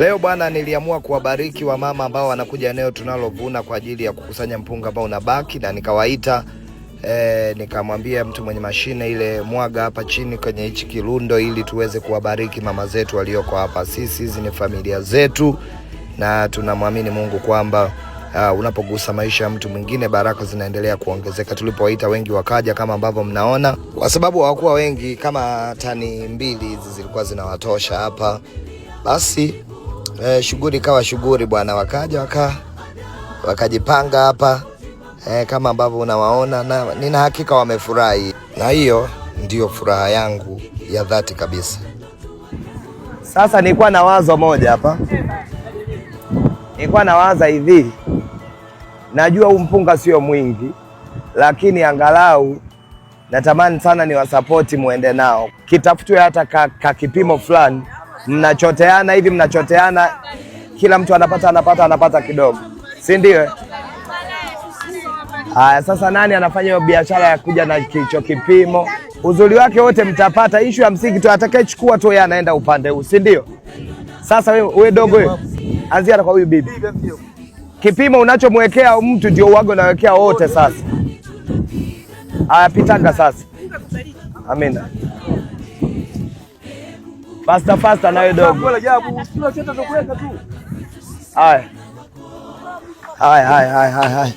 Leo bwana, niliamua kuwabariki wamama ambao wanakuja eneo tunalovuna kwa ajili ya kukusanya mpunga ambao unabaki, na nikawaita e, nikamwambia mtu mwenye mashine ile, mwaga hapa chini kwenye hichi kirundo, ili tuweze kuwabariki mama zetu walioko hapa. Sisi hizi ni familia zetu, na tunamwamini Mungu kwamba Uh, unapogusa maisha ya mtu mwingine baraka zinaendelea kuongezeka. Tulipowaita wengi wakaja, kama ambavyo mnaona, kwa sababu hawakuwa wengi, kama tani mbili hizi zilikuwa zinawatosha hapa basi eh, shughuli kawa shughuli bwana, wakaja waka wakajipanga hapa eh, kama ambavyo unawaona, na nina hakika wamefurahi, na hiyo ndiyo furaha yangu ya dhati kabisa. Sasa nilikuwa na wazo moja hapa, nilikuwa na waza hivi, najua huu mpunga sio mwingi, lakini angalau natamani sana niwasapoti muende nao, kitafutwe hata ka, ka kipimo fulani mnachoteana hivi, mnachoteana, kila mtu anapata anapata anapata kidogo, si ndio? Aya, sasa nani anafanya hiyo biashara ya kuja na kicho kipimo? Uzuri wake wote mtapata. Ishu ya msingi tu, atakayechukua tu yeye anaenda upande huu, si ndio? Sasa wewe wewe dogo wewe, anzia kwa huyu bibi. Kipimo unachomwekea mtu ndio uwago unawekea wote. Sasa aya, pitanga sasa. Amina. Fasta fasta na wewe dogo. Haya. Haya haya haya haya.